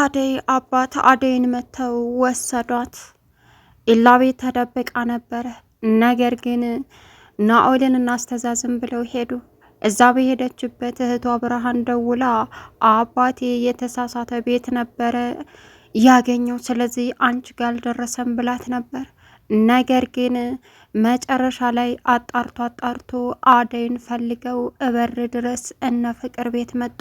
የአደይ አባት አደይን መተው ወሰዷት። ኢላ ቤት ተደብቃ ነበረ። ነገር ግን ናኦልን እናስተዛዝም ብለው ሄዱ። እዛ በሄደችበት እህቷ ብርሃን ደውላ አባቴ የተሳሳተ ቤት ነበረ ያገኘው፣ ስለዚህ አንቺ ጋር አልደረሰም ብላት ነበር። ነገር ግን መጨረሻ ላይ አጣርቶ አጣርቶ አደይን ፈልገው እበር ድረስ እነ ፍቅር ቤት መጡ።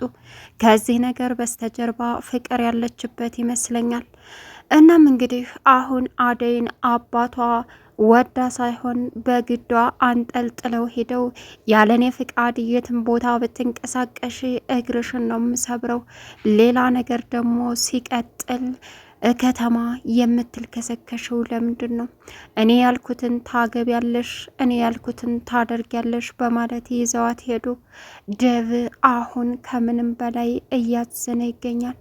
ከዚህ ነገር በስተጀርባ ፍቅር ያለችበት ይመስለኛል። እናም እንግዲህ አሁን አደይን አባቷ ወዳ ሳይሆን በግዷ አንጠልጥለው ሄደው ያለኔ ፍቃድ የትም ቦታ ብትንቀሳቀሽ እግርሽን ነው የምሰብረው፣ ሌላ ነገር ደግሞ ሲቀጥል ከተማ የምትልከሰከሽው ለምንድን ነው? እኔ ያልኩትን ታገቢያለሽ፣ እኔ ያልኩትን ያለሽ በማለት ይዘዋት ሄዱ። ደብ አሁን ከምንም በላይ እያዘነ ይገኛል።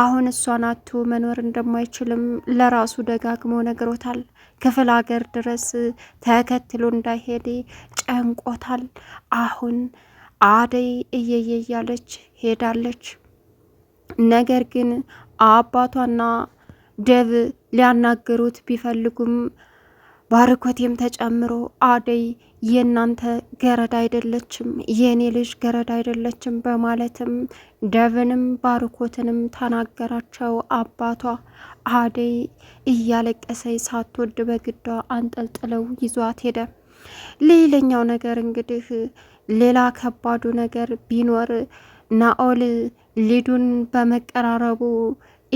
አሁን እሷን አቶ መኖር እንደማይችልም ለራሱ ደጋግሞ ነግሮታል። ክፍል ሀገር ድረስ ተከትሎ እንዳይሄድ ጨንቆታል። አሁን አደይ እየየ እያለች ሄዳለች። ነገር ግን አባቷና ደብ ሊያናገሩት ቢፈልጉም ባርኮቴም ተጨምሮ አደይ የእናንተ ገረድ አይደለችም፣ የእኔ ልጅ ገረድ አይደለችም በማለትም ደብንም ባርኮትንም ተናገራቸው። አባቷ አደይ እያለቀሰይ ሳትወድ በግዷ አንጠልጥለው ይዟት ሄደ። ሌላኛው ነገር እንግዲህ ሌላ ከባዱ ነገር ቢኖር ናኦል ሊዱን በመቀራረቡ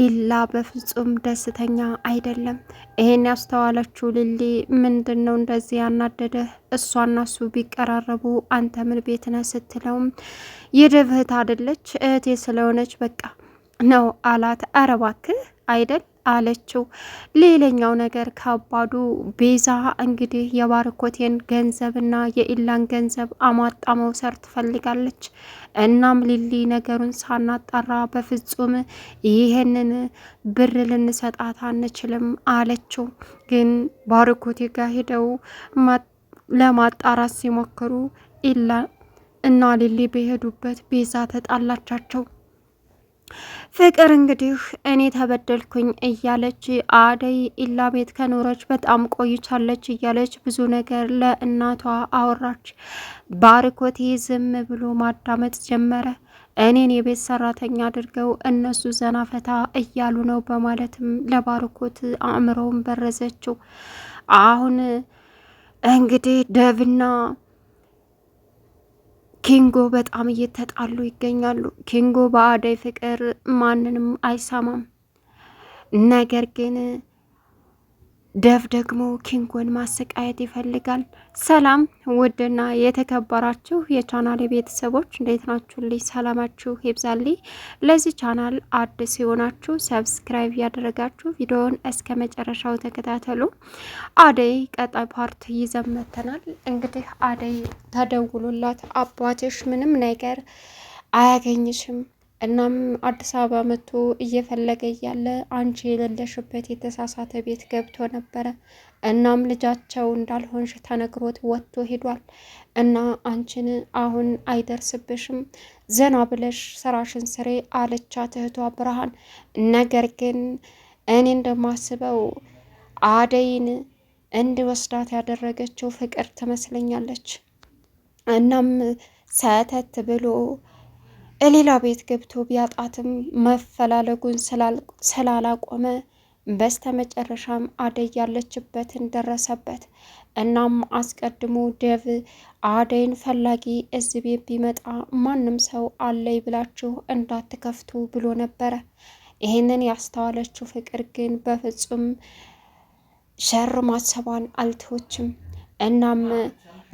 ኢላ በፍጹም ደስተኛ አይደለም። ይሄን ያስተዋለችው ሊሊ ምንድን ነው እንደዚህ ያናደደህ? እሷና እሱ ቢቀራረቡ አንተ ምን ቤት ነህ ስትለውም የደብህት አደለች እህቴ ስለሆነች በቃ ነው አላት። አረባክህ አይደል አለችው። ሌላኛው ነገር ከባዱ ቤዛ እንግዲህ የባርኮቴን ገንዘብና የኢላን ገንዘብ አሟጣ መውሰር ትፈልጋለች። እናም ሊሊ ነገሩን ሳናጣራ በፍጹም ይህንን ብር ልንሰጣት አንችልም አለችው። ግን ባርኮቴ ጋር ሄደው ለማጣራት ሲሞክሩ ኢላ እና ሊሊ በሄዱበት ቤዛ ተጣላቻቸው። ፍቅር እንግዲህ እኔ ተበደልኩኝ እያለች አደይ ኢላ ቤት ከኖረች በጣም ቆይቻለች እያለች ብዙ ነገር ለእናቷ አወራች። ባርኮቴ ዝም ብሎ ማዳመጥ ጀመረ። እኔን የቤት ሰራተኛ አድርገው እነሱ ዘና ፈታ እያሉ ነው በማለትም ለባርኮት አእምሮውን በረዘችው። አሁን እንግዲህ ደብና ኪንጎ በጣም እየተጣሉ ይገኛሉ። ኪንጎ በአደይ ፍቅር ማንንም አይሰማም። ነገር ግን ደቭ ደግሞ ኪንጎን ማሰቃየት ይፈልጋል። ሰላም ውድና የተከበራችሁ የቻናል ቤተሰቦች እንዴት ናችሁልኝ? ሰላማችሁ ይብዛልኝ። ለዚህ ቻናል አዲስ የሆናችሁ ሰብስክራይብ ያደረጋችሁ ቪዲዮውን እስከ መጨረሻው ተከታተሉ። አደይ ቀጣይ ፓርት ይዘመተናል። እንግዲህ አደይ ተደውሎላት አባትሽ ምንም ነገር አያገኝሽም እናም አዲስ አበባ መጥቶ እየፈለገ እያለ አንቺ የሌለሽበት የተሳሳተ ቤት ገብቶ ነበረ። እናም ልጃቸው እንዳልሆንሽ ተነግሮት ወጥቶ ሄዷል እና አንቺን አሁን አይደርስብሽም፣ ዘና ብለሽ ስራሽን ስሬ አለቻት እህቷ ብርሃን። ነገር ግን እኔ እንደማስበው አደይን እንድወስዳት ያደረገችው ፍቅር ትመስለኛለች። እናም ሰተት ብሎ ሌላ ቤት ገብቶ ቢያጣትም መፈላለጉን ስላላቆመ በስተ መጨረሻም አደይ ያለችበትን ደረሰበት። እናም አስቀድሞ ደቭ አደይን ፈላጊ እዚህ ቤት ቢመጣ ማንም ሰው አለይ ብላችሁ እንዳትከፍቱ ብሎ ነበረ። ይህንን ያስተዋለችው ፍቅር ግን በፍጹም ሸር ማሰቧን አልተወችም። እናም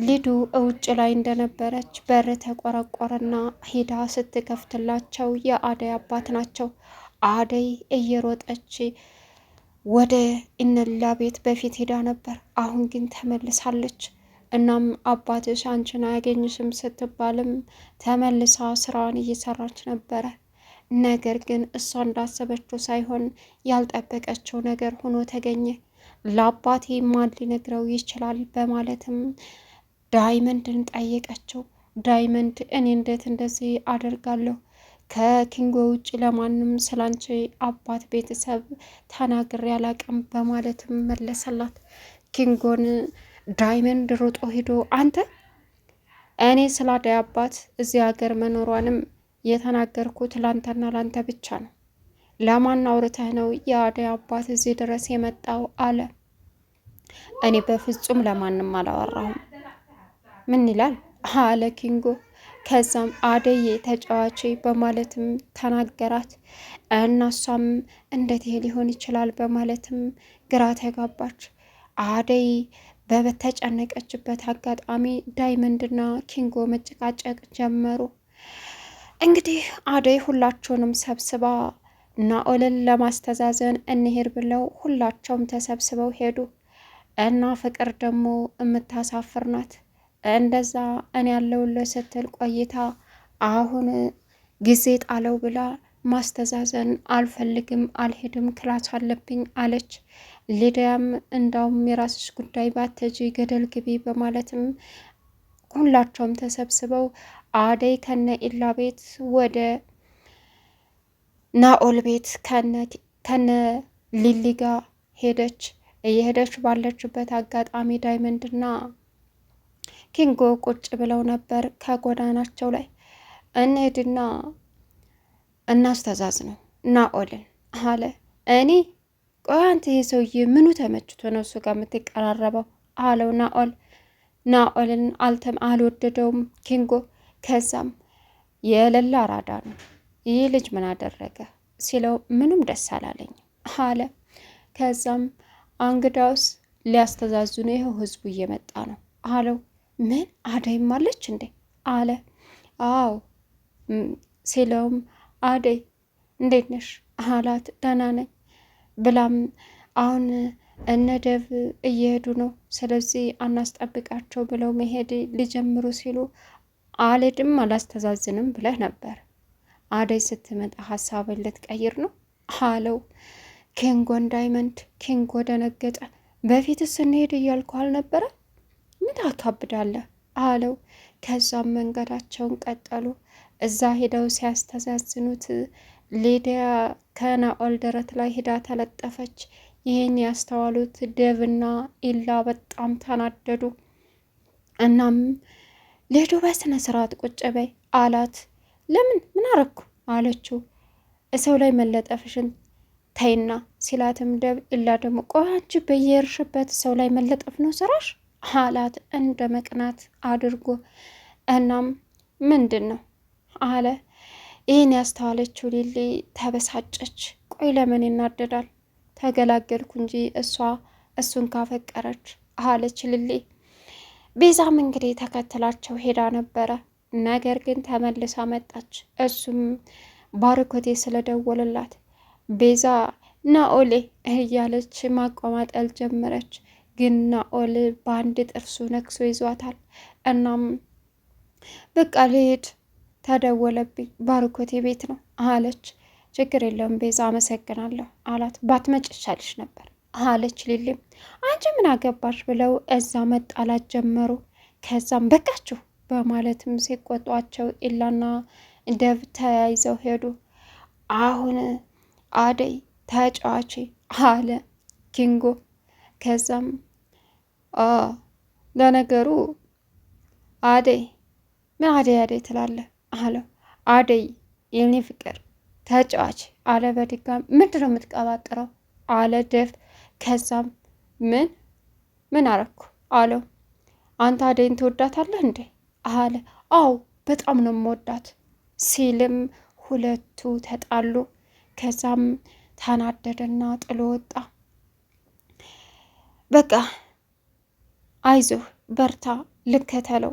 ሊዱ እውጭ ላይ እንደነበረች በር ተቆረቆረና ሂዳ ስትከፍትላቸው የአደይ አባት ናቸው። አደይ እየሮጠች ወደ እነላ ቤት በፊት ሂዳ ነበር። አሁን ግን ተመልሳለች። እናም አባትሽ አንቺን አያገኝሽም ስትባልም ተመልሳ ስራዋን እየሰራች ነበረ። ነገር ግን እሷ እንዳሰበችው ሳይሆን ያልጠበቀችው ነገር ሆኖ ተገኘ። ለአባቴ ማን ሊነግረው ይችላል በማለትም ዳይመንድን ጠየቀችው። ዳይመንድ እኔ እንዴት እንደዚህ አደርጋለሁ? ከኪንጎ ውጭ ለማንም ስላንቺ አባት ቤተሰብ ተናግሬ አላቅም በማለትም መለሰላት። ኪንጎን ዳይመንድ ሮጦ ሂዶ አንተ እኔ ስላዳይ አባት እዚህ ሀገር መኖሯንም የተናገርኩት ላንተና ላንተ ብቻ ነው። ለማን አውርተህ ነው የአዳይ አባት እዚህ ድረስ የመጣው? አለ እኔ በፍጹም ለማንም አላወራሁም ምን ይላል አለ ኪንጎ። ከዛም አደዬ ተጫዋች በማለትም ተናገራት። እናሷም እንዴት ይሄ ሊሆን ይችላል በማለትም ግራ ተጋባች። አደይ በተጨነቀችበት አጋጣሚ ዳይመንድና ኪንጎ መጨቃጨቅ ጀመሩ። እንግዲህ አደይ ሁላቸውንም ሰብስባ ናኦልን ለማስተዛዘን እንሄድ ብለው ሁላቸውም ተሰብስበው ሄዱ እና ፍቅር ደግሞ የምታሳፍር ናት። እንደዛ እኔ ያለው ስትል ቆይታ አሁን ጊዜ ጣለው ብላ ማስተዛዘን አልፈልግም አልሄድም ክላስ አለብኝ አለች። ሊዲያም እንዳውም የራስሽ ጉዳይ ባተጂ ገደል ግቢ በማለትም ሁላቸውም ተሰብስበው አደይ ከነ ኢላ ቤት ወደ ናኦል ቤት ከነ ሊሊ ጋ ሄደች። እየሄደች ባለችበት አጋጣሚ ዳይመንድና ኪንጎ ቁጭ ብለው ነበር ከጎዳናቸው ላይ እንሂድና እናስተዛዝ ነው ናኦልን አለ። እኔ ቆይ አንተ ይሄ ሰውዬ ምኑ ተመችቶ ነው እሱ ጋር የምትቀራረበው? አለው ናኦል። ናኦልን አልተም አልወደደውም ኪንጎ። ከዛም የለላ አራዳ ነው ይህ ልጅ ምን አደረገ ሲለው ምንም ደስ አላለኝ አለ። ከዛም አንግዳውስ ሊያስተዛዝኑ ይኸው ህዝቡ እየመጣ ነው አለው። ምን አደይም አለች እንዴ አለ። አዎ ሲለውም አደይ እንዴት ነሽ አላት። ደህና ነኝ ብላም አሁን እነ ደብ እየሄዱ ነው፣ ስለዚህ አናስጠብቃቸው ብለው መሄድ ሊጀምሩ ሲሉ አልሄድም አላስተዛዝንም ብለህ ነበር። አደይ ስትመጣ ሀሳብን ልትቀይር ነው አለው። ኪንጎን ዳይመንድ ኪንጎ ደነገጠ። በፊትስ እንሄድ እያልኩ አልነበረ ምን አካብዳለህ አለው። ከዛም መንገዳቸውን ቀጠሉ። እዛ ሄደው ሲያስተዛዝኑት ሊዲያ ከናኦል ደረት ላይ ሄዳ ተለጠፈች። ይህን ያስተዋሉት ደብና ኢላ በጣም ተናደዱ። እናም ሌዶ በስነ ስርዓት ቁጭ በይ አላት። ለምን ምን አረኩ አለችው። እሰው ላይ መለጠፍሽን ተይና ሲላትም ደብ ኢላ ደግሞ ቆይ አንቺ በየርሽበት ሰው ላይ መለጠፍ ነው ስራሽ አላት እንደ መቅናት አድርጎ። እናም ምንድን ነው አለ። ይህን ያስተዋለችው ሊሊ ተበሳጨች። ቆይ ለምን ይናደዳል? ተገላገልኩ እንጂ እሷ እሱን ካፈቀረች አለች ሊሊ። ቤዛም እንግዲህ ተከትላቸው ሄዳ ነበረ። ነገር ግን ተመልሳ መጣች። እሱም ባርኮቴ ስለደወለላት ቤዛ ናኦሌ እያለች ማቆማጠል ጀመረች። ግን ናኦል በአንድ ጥርሱ ነክሶ ይዟታል። እናም በቃ ልሄድ ተደወለብኝ፣ ባርኮቴ ቤት ነው አለች። ችግር የለውም ቤዛ አመሰግናለሁ አላት። ባትመጭ ይሻልሽ ነበር አለች ሊሊም። አንቺ ምን አገባሽ ብለው እዛ መጣላት ጀመሩ። ከዛም በቃችሁ በማለትም ሲቆጧቸው ኢላና ደብ ተያይዘው ሄዱ። አሁን አደይ ተጫዋች አለ ኪንጎ ከዛም አ ለነገሩ አደይ ምን አደይ አደይ ትላለህ አለው። አደይ የኔ ፍቅር ተጫዋች አለ በድጋም ምንድን ነው የምትቀባጥረው አለ ደፍ ከዛም ምን ምን አረኩ አለው። አንተ አደይን ትወዳታለህ እንዴ አለ። አዎ በጣም ነው የምወዳት ሲልም ሁለቱ ተጣሉ። ከዛም ተናደደና ጥሎ ወጣ። በቃ አይዞህ በርታ ልከተለው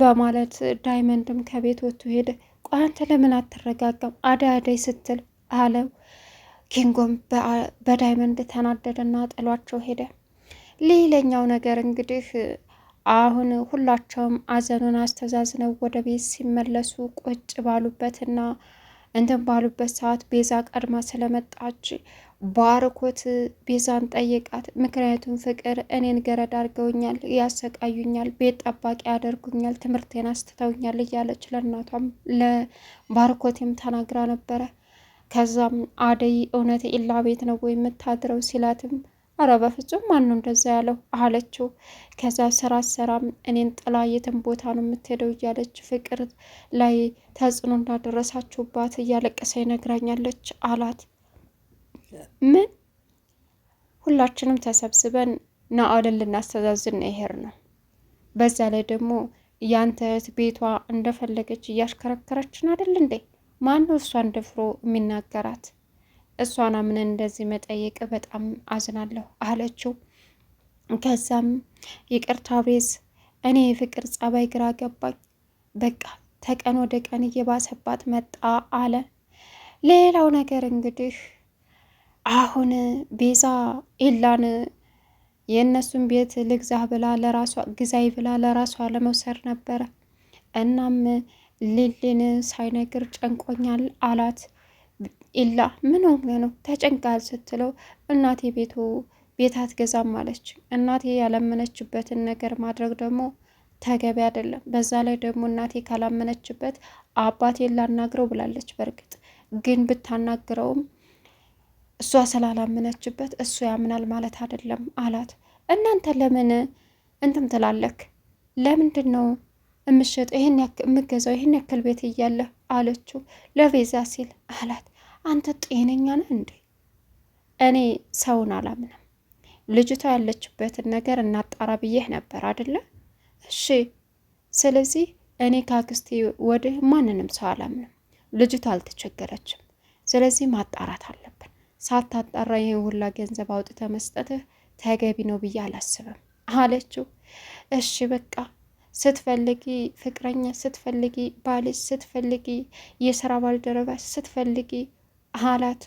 በማለት ዳይመንድም ከቤት ወጥቶ ሄደ። ቆይ አንተ ለምን አትረጋጋም? አደይ አደይ ስትል አለው። ኪንጎም በዳይመንድ ተናደደና ጥሏቸው ሄደ። ሌላኛው ነገር እንግዲህ አሁን ሁላቸውም አዘኑን አስተዛዝነው ወደ ቤት ሲመለሱ ቁጭ ባሉበትና እንትን ባሉበት ሰዓት ቤዛ ቀድማ ስለመጣች ባርኮት ቤዛን ጠየቃት። ምክንያቱም ፍቅር እኔን ገረድ አድርገውኛል፣ ያሰቃዩኛል፣ ቤት ጠባቂ ያደርጉኛል፣ ትምህርቴን አስትተውኛል እያለች ለእናቷም ለባርኮቴም ተናግራ ነበረ። ከዛም አደይ እውነት ኢላ ቤት ነው ወይ የምታድረው ሲላትም አረ በፍጹም ማነው እንደዛ ያለው አለችው። ከዛ ስራ ሰራም እኔን ጥላ የትን ቦታ ነው የምትሄደው እያለች ፍቅር ላይ ተጽዕኖ እንዳደረሳችሁባት እያለቀሰ ይነግራኛለች አላት። ምን ሁላችንም ተሰብስበን ናኦልን ልናስተዛዝን ነው ይሄር ነው። በዛ ላይ ደግሞ ያንተ ቤቷ እንደፈለገች እያሽከረከረችን አይደል እንዴ? ማነው እሷን ደፍሮ የሚናገራት? እሷን አምነን እንደዚህ መጠየቅ በጣም አዝናለሁ አለችው። ከዛም ይቅርታ ቤዝ፣ እኔ የፍቅር ጸባይ ግራ ገባኝ፣ በቃ ተቀን ወደ ቀን እየባሰባት መጣ አለ። ሌላው ነገር እንግዲህ አሁን ቤዛ ኢላን የእነሱን ቤት ልግዛ ብላ ለራሷ ግዛይ ብላ ለራሷ ለመውሰድ ነበረ። እናም ሊሊን ሳይነግር ጨንቆኛል አላት። ኢላ ምን ሆነ ነው ተጨንቃል ስትለው እናቴ ቤቱ ቤት አትገዛም አለች። እናቴ ያላመነችበትን ነገር ማድረግ ደግሞ ተገቢ አይደለም። በዛ ላይ ደግሞ እናቴ ካላመነችበት አባቴን ላናግረው ብላለች። በእርግጥ ግን ብታናግረውም እሷ ስላላመነችበት እሱ ያምናል ማለት አይደለም አላት። እናንተ ለምን እንትም ትላለክ? ለምንድን ነው የምሸጠው? ይህን የምገዛው ይህን ያክል ቤት እያለ አለችው ለቤዛ ሲል አላት አንተ ጤነኛ ነህ እንዴ? እኔ ሰውን አላምንም። ልጅቷ ያለችበትን ነገር እናጣራ ብዬህ ነበር አደለ? እሺ። ስለዚህ እኔ ከአክስቴ ወዲህ ማንንም ሰው አላምንም። ልጅቷ አልተቸገረችም። ስለዚህ ማጣራት አለብን። ሳታጣራ ይህን ሁላ ገንዘብ አውጥተ መስጠትህ ተገቢ ነው ብዬ አላስብም አለችው። እሺ በቃ ስትፈልጊ ፍቅረኛ፣ ስትፈልጊ ባልሽ፣ ስትፈልጊ የስራ ባልደረባ፣ ስትፈልጊ አላት።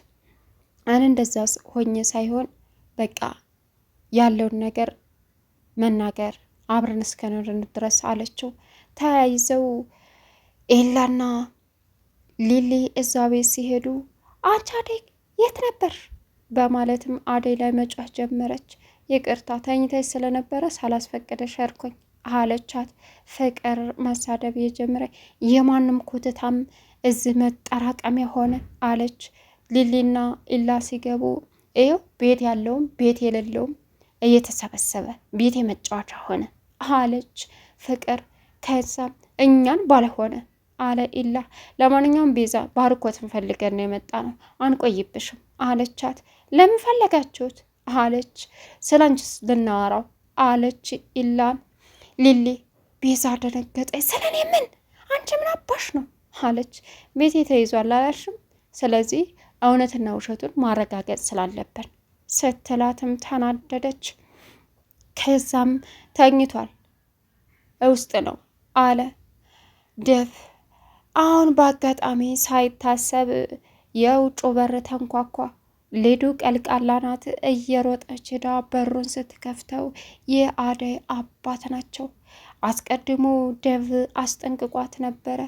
አን እንደዛስ ሆኜ ሳይሆን በቃ ያለውን ነገር መናገር አብረን እስከኖርን ድረስ አለችው። ተያይዘው ኤላና ሊሊ እዛ ቤት ሲሄዱ አንቺ አደይ የት ነበር? በማለትም አደይ ላይ መጫህ ጀመረች። ይቅርታ ተኝተሽ ስለነበረ ሳላስፈቅደ ሸርኮኝ አለቻት። ፍቅር መሳደብ የጀመረ የማንም ኮትታም እዚህ መጠራቀሚያ ሆነ አለች። ሊሊና ኢላ ሲገቡ ይኸው ቤት ያለውም ቤት የሌለውም እየተሰበሰበ ቤት የመጫወቻ ሆነ አለች ፍቅር። ከዛ እኛን ባለሆነ አለ ኢላ። ለማንኛውም ቤዛ ባርኮትን ፈልገን ነው የመጣ ነው አንቆይብሽም አለቻት። ለምን ፈለጋችሁት አለች። ስለ አንቺስ ልናወራው አለች ኢላን። ሊሊ ቤዛ ደነገጠ። ስለኔ ምን አንቺ ምን አባሽ ነው አለች። ቤቴ ተይዟል አላልሽም? ስለዚህ እውነትና ውሸቱን ማረጋገጥ ስላለብን ስትላትም ተናደደች። ከዛም ተኝቷል ውስጥ ነው አለ ደፍ። አሁን በአጋጣሚ ሳይታሰብ የውጩ በር ተንኳኳ። ሊዱ ቀልቃላ ናት። እየሮጠች ሄዳ በሩን ስትከፍተው የአደይ አባት ናቸው። አስቀድሞ ደቭ አስጠንቅቋት ነበረ።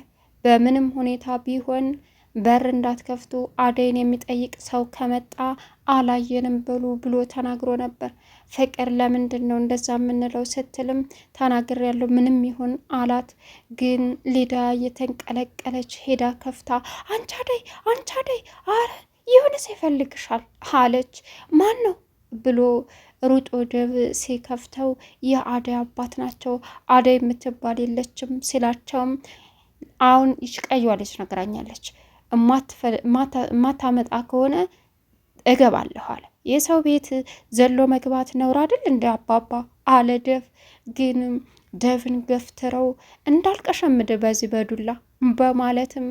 በምንም ሁኔታ ቢሆን በር እንዳትከፍቱ አደይን የሚጠይቅ ሰው ከመጣ አላየንም በሉ ብሎ ተናግሮ ነበር። ፍቅር ለምንድን ነው እንደዛ የምንለው ስትልም ተናግር ያለው ምንም ይሁን አላት። ግን ሊዳ እየተንቀለቀለች ሄዳ ከፍታ አንቺ አደይ፣ አንቺ አደይ፣ አረ የሆነ ሰው ይፈልግሻል አለች። ማን ነው ብሎ ሩጦ ደብ ሲከፍተው የአደይ አባት ናቸው። አደይ የምትባል የለችም ሲላቸውም አሁን ይች ቀይዋ ነግራኛለች፣ ማታመጣ ከሆነ እገባለሁ አለ። የሰው ቤት ዘሎ መግባት ነውር አይደል እንደ አባባ አለ ደፍ። ግን ደፍን ገፍትረው እንዳልቀሸምድ በዚህ በዱላ በማለትም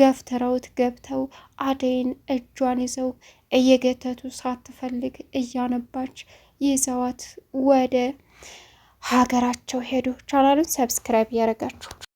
ገፍትረውት ገብተው አደይን እጇን ይዘው እየገተቱ ሳትፈልግ እያነባች ይዘዋት ወደ ሀገራቸው ሄዱ። ቻናሉን ሰብስክራይብ ያደረጋችሁ